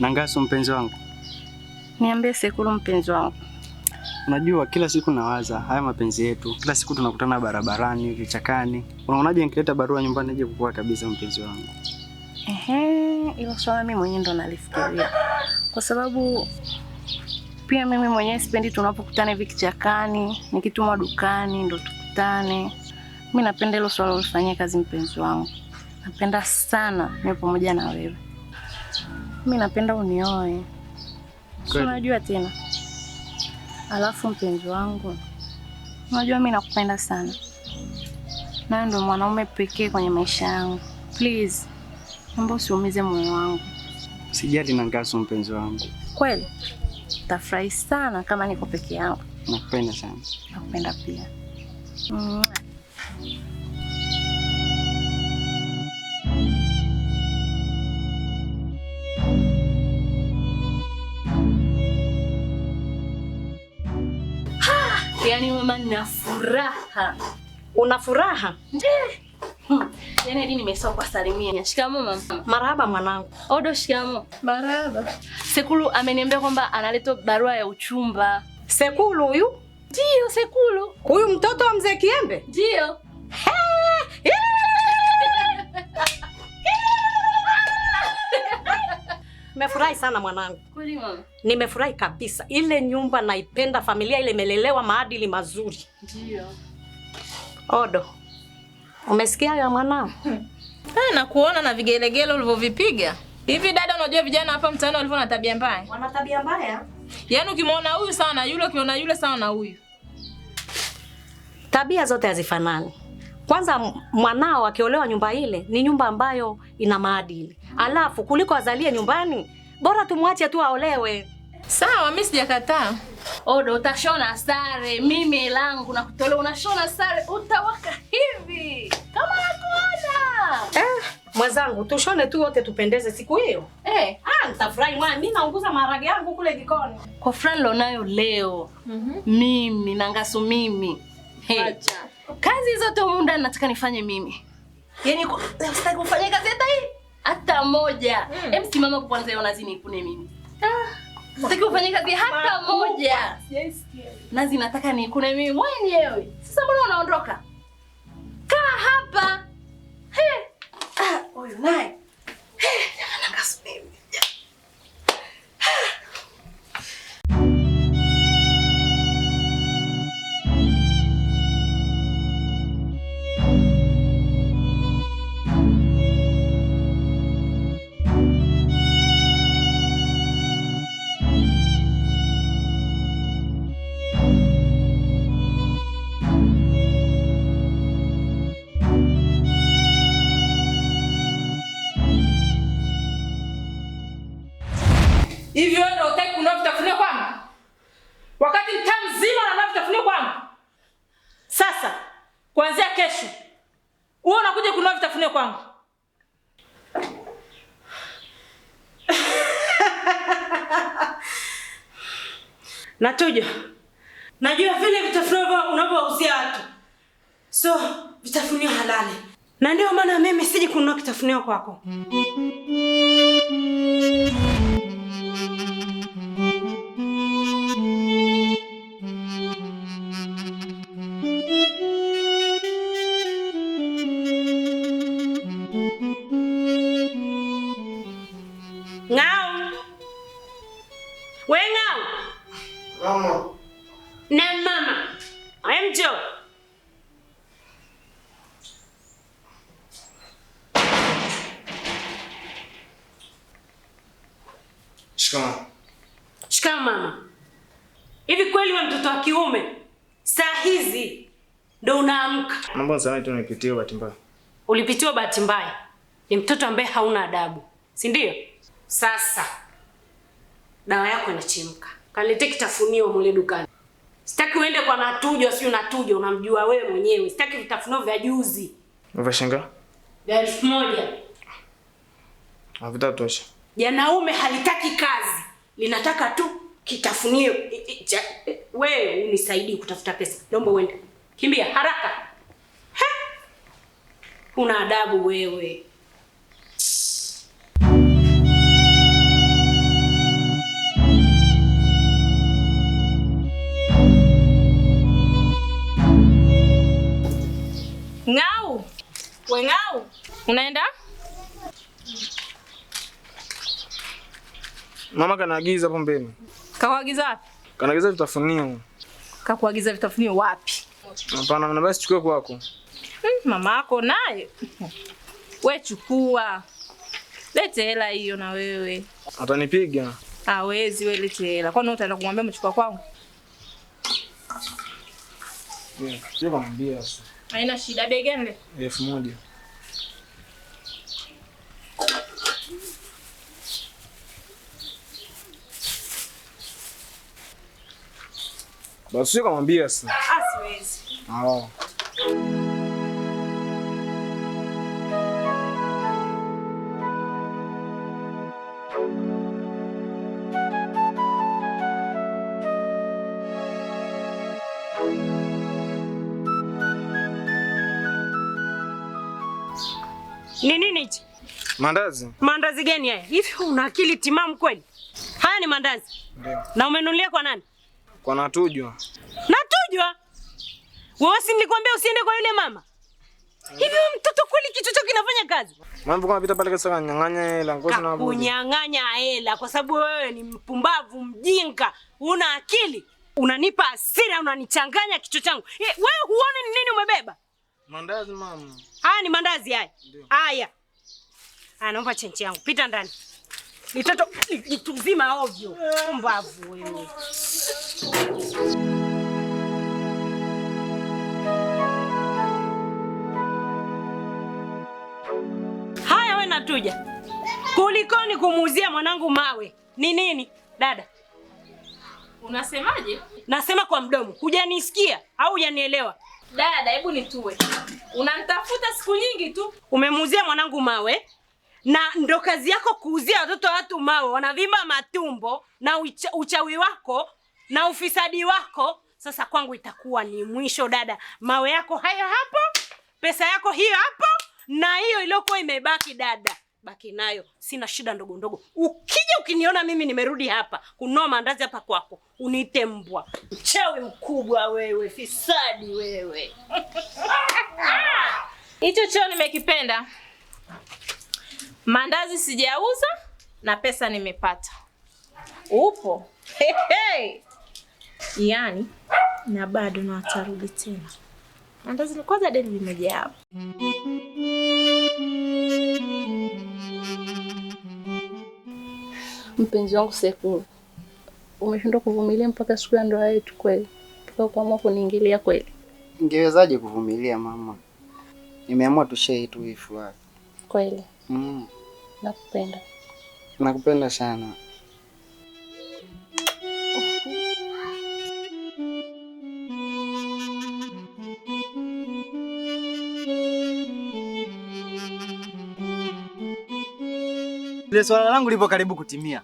Nangasu mpenzi wangu, niambie Sekulu mpenzi wangu Unajua, kila siku nawaza haya mapenzi yetu, kila siku tunakutana barabarani, vichakani. Unaonaje nikileta barua nyumbani ije kukua kabisa mpenzi wangu? Ehe, ilo swala mimi mwenyewe ndo nalifikiria, kwa sababu pia mimi mwenyewe sipendi tunapokutana hivi kichakani, nikituma dukani ndo tukutane. Mimi napenda hilo swala ulifanyie kazi, mpenzi wangu. Napenda sana niwe pamoja na wewe, mimi napenda unioe, si unajua tena Alafu mpenzi wangu, unajua mimi nakupenda sana, nawe ndio mwanaume pekee kwenye maisha yangu. Please, naomba usiumize moyo wangu. Sijali na ngazo, mpenzi wangu. Kweli tafurahi sana kama niko peke yangu. Nakupenda sana. Nakupenda pia. Mwah. Yaani mama na furaha. Una furaha? Hmm. Yaani hadi nimesahau kusalimia. Shikamo mama. Marahaba mwanangu. Odo oh, shikamo. Marahaba. Sekulu ameniambia kwamba analeta barua ya uchumba. Sekulu huyu? Ndio, Sekulu. Huyu mtoto wa Mzee Kiembe? Ndio. Nimefurahi sana mwanangu, kweli mama, nimefurahi kabisa. Ile nyumba naipenda, familia ile imelelewa maadili mazuri. Ndio Odo, umesikia hayo ya mwanao? Eh, na kuona na vigelegele ulivyovipiga hivi. Dada, unajua vijana hapa mtaani walivyo na tabia mbaya, wana tabia mbaya. Yaani ukimwona huyu sana yule, ukiona yule sana na huyu. Tabia zote hazifanani. Kwanza mwanao akiolewa, nyumba ile ni nyumba ambayo ina maadili, alafu kuliko azalie nyumbani bora tumwache tu aolewe. Sawa, mimi sijakataa. Odo, oh, utashona sare, mimi langu na kutolea, unashona sare utawaka hivi kama nakuona. Eh, mwenzangu tushone tu wote tupendeze siku hiyo. Eh, ah, nitafurahi mwana, mimi naunguza maharage yangu kule jikoni kwa fulani lonayo leo. mm -hmm. Mimi nangasu mimi. Hey. Acha. Kazi zote humu ndani nataka nifanye mimi. Yaani, sitaki kufanya kazi hata hii hata moja. Hmm. Em, simama kwanza, unazini kune mimi. Ah, sitaki ufanye kazi hata moja. Yes, yes. Nazi nataka nikune mimi mwenyewe. Sasa mbona unaondoka? Kaa hapa. He. Ah, oyo naye. wakati mtaa mzima unanunua vitafunio kwangu. Sasa kuanzia kesho wewe unakuja kunua vitafunio kwangu. Natuja, najua vile vitafunio unavyowauzia watu, so vitafunio halali, na ndio maana mimi siji kununua kitafunio kwako. Wengau mama na mama emjo Shikamo. Shikamo mama. Hivi kweli wewe mtoto wa kiume saa hizi ndo unaamka? Mambo sana tu nilipitiwa bahati mbaya. Ulipitiwa bahati mbaya? Ni mtoto ambaye hauna adabu, si ndio? Sasa dawa yako inachemka. Kalete kitafunio mule dukani. Sitaki uende kwa natujo, si natujo, unamjua wewe mwenyewe. Sitaki vitafunio vya juzi. Unavashangaa? Vya elfu moja. Havitatosha. Janaume halitaki kazi. Linataka tu kitafunio. Eh, wewe unisaidie kutafuta pesa. Naomba uende. Kimbia haraka. Una adabu wewe. Ng'au, we Ng'au, unaenda? Mama kanaagiza mbele. Kawaagiza wapi? Kanaagiza vitafunio. Kakuagiza vitafunio wapi? Hapana, na basi chukua kwako. Mm, mama yako naye. We chukua. Lete hela hiyo na wewe. Atanipiga. Hawezi, wewe lete hela. Kwani utaenda kumwambia mchukua kwangu? Yeah, sio kumwambia sasa. Haina shida. Bei gani elfu moja. Basi kamwambia sasa. Ah, Siwezi. Ah. Oh. Ni nini hichi? Mandazi. Mandazi gani haya? Hivi una akili timamu kweli? Haya ni mandazi. Ndio. Na umenunulia kwa nani? Kwa Natujwa. Natujwa? Wewe si nilikwambia usiende kwa yule mama? Eh. Hivi wewe mtoto kweli kichwa chako kinafanya kazi? Mama kama unapita pale kesa nyang'anya hela ngozi na mabuni. Kunyang'anya hela kwa sababu wewe ni mpumbavu, mjinga, una akili. Unanipa hasira, unanichanganya kichwa changu. Eh, wewe huone ni nini umebeba? Mandazi mama. Haya ni mandazi haya. Haya. Haya naomba chenchi yangu. Pita ndani. Nitoto nituzima ovyo. Mbavu wewe. Haya wewe natuja. Kulikoni kumuuzia mwanangu mawe? Ni nini? Dada. Unasemaje? Nasema kwa mdomo. Hujanisikia au hujanielewa? Dada, hebu nitue. Unamtafuta siku nyingi tu. Umemuuzia mwanangu mawe na ndo kazi yako kuuzia watoto watu mawe, wanavimba matumbo na ucha, uchawi wako na ufisadi wako. Sasa kwangu itakuwa ni mwisho dada. Mawe yako hayo hapo, pesa yako hiyo hapo, na hiyo iliyokuwa imebaki dada baki nayo, sina shida ndogo ndogo. Ukija ukiniona mimi nimerudi hapa kunoa maandazi hapa kwako, uniite mbwa, mchawi mkubwa wewe, fisadi wewe. Hicho cheo nimekipenda. Maandazi sijauza na pesa nimepata. Upo hey, hey. Yaani na bado na watarudi tena. Maandazi kwanza deni limejaa. mpenzi wangu Sekulu, umeshindwa kuvumilia mpaka siku ya ndoa yetu kweli, mpaka ukaamua kuniingilia kweli. Ningewezaje kuvumilia mama? Nimeamua tushee tu ifuae. Kweli mm. Nakupenda, nakupenda sana. Ile swala langu lipo karibu kutimia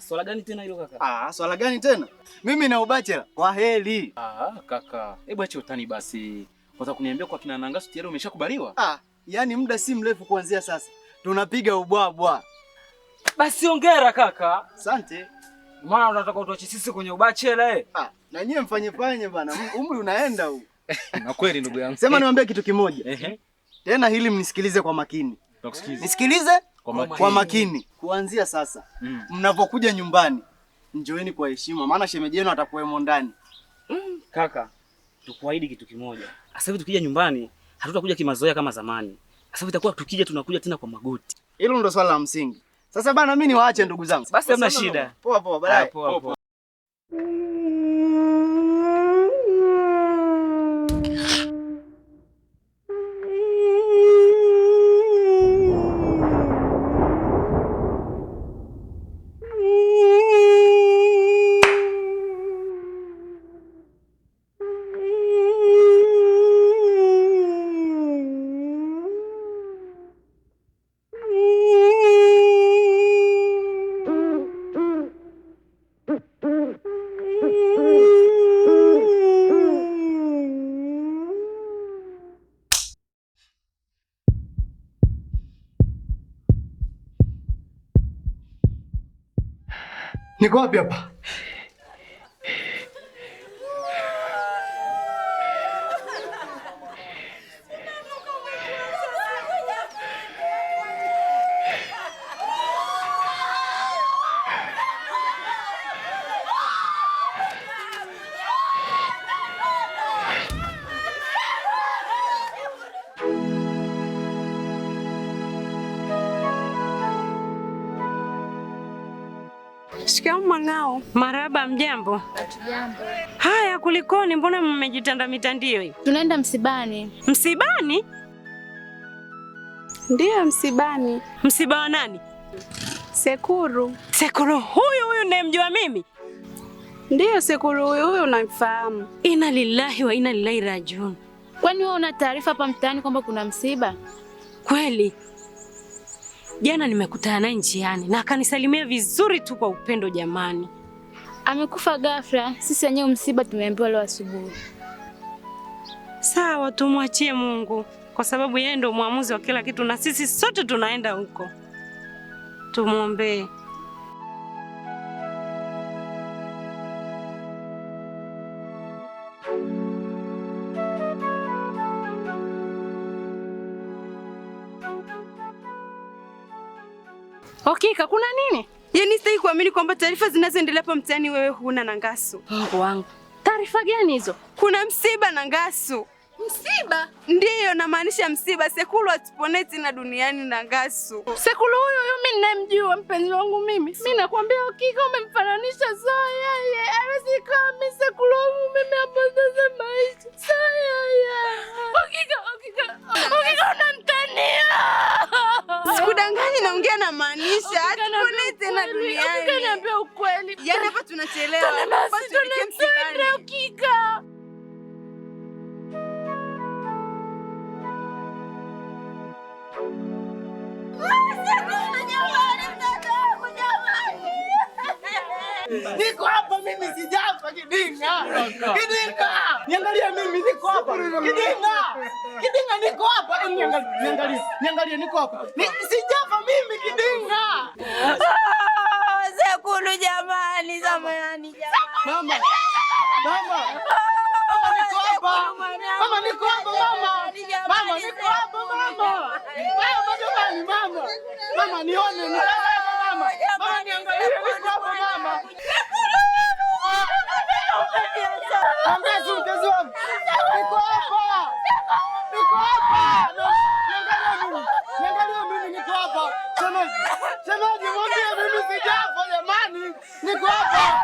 swala gani tena hilo kaka? Ah, swala gani tena? Mimi na ubachela. Kwa Waheri. Ah, kaka. Hebu acha utani basi. Kwanza kuniambia kwa kina Nangasu tayari umeshakubaliwa? Ah, yani muda si mrefu kuanzia sasa. Tunapiga ubwabwa. Basi ongera kaka. Asante. Maana unataka utuache sisi kwenye ubachela eh? Ah, na nyie mfanye fanye bana. Um, umri unaenda huu. Na kweli ndugu yangu. Sema niwaambie kitu kimoja. Ehe. Tena hili mnisikilize kwa makini. Nisikilize kwa makini, kwa makini. Kuanzia sasa mm. mnapokuja nyumbani njoeni kwa heshima, maana shemeji yenu atakuwemo ndani mm. Kaka, tukuahidi kitu kimoja, sasa hivi tukija nyumbani hatutakuja kimazoea kama zamani. Sasa itakuwa tukija tunakuja tena kwa magoti. Hilo ndo swala la msingi. Sasa bana, mimi niwaache ndugu zangu. Basi hamna shida. Poa poa, baadaye. Poa poa. 你给我别跑！Shikamoo mwanao. Maraba, Mjambo? Hatujambo. Haya, kulikoni? Mbona mmejitanda mitandio hii? Tunaenda msibani. Msibani? Ndiyo, msibani. Msiba wa nani? Sekuru. Sekuru huyu huyu ninayemjua mimi? Ndiyo, Sekuru huyu huyu unamfahamu. Inna lillahi wa inna ilaihi rajiun. Kwani wewe una taarifa hapa mtaani kwamba kuna msiba? Kweli Jana nimekutana naye njiani na akanisalimia vizuri tu kwa upendo. Jamani, amekufa ghafla. Sisi wenyewe msiba tumeambiwa leo asubuhi. Sawa, tumwachie Mungu kwa sababu yeye ndio mwamuzi wa kila kitu, na sisi sote tunaenda huko. Tumwombee. Hakika kuna nini? Yaani sitaki kuamini kwamba taarifa zinazoendelea hapa mtaani wewe huna na Ngasu. Mungu oh, wangu. Taarifa gani hizo? Kuna msiba na Ngasu. Msiba? Ndiyo, namaanisha msiba. Sekulu atupone tena duniani na Ngasu. Sekulu huyu huyu mimi ninayemjua, mpenzi wangu mimi. Mimi nakwambia hakika umemfananisha sawa Hawezi kuwa mimi Sekulu wangu mimi apoteze maisha. Sawa Hakika, hakika. Hakika unamtania. Sikudanganyi, naongea na maanisha. Hatuonee tena duniani. Ukaniambia ukweli. Yaani hapa tunachelewa. ukika. Kika. Niko hapa mimi sijafa Kidinga. Kidinga. Niangalie mimi niko hapa. Kidinga. Kidinga niko hapa. Niangalie. Niangalie niko hapa. Sijafa mimi Kidinga. Zekulu ah, jamani, zamani jamani. Mama. Ah, mama. niko hapa. Mama mama. niko hapa mama. Mama jamani mama. Mama nione mama. Mama niangalie niko hapo mama. Ambia si mtezi wangu. Niko hapa. Niko hapa. Niangalie mimi. Niangalie mimi niko hapa. Sema. Sema, mwambie mimi sijafa jamani. Niko hapa.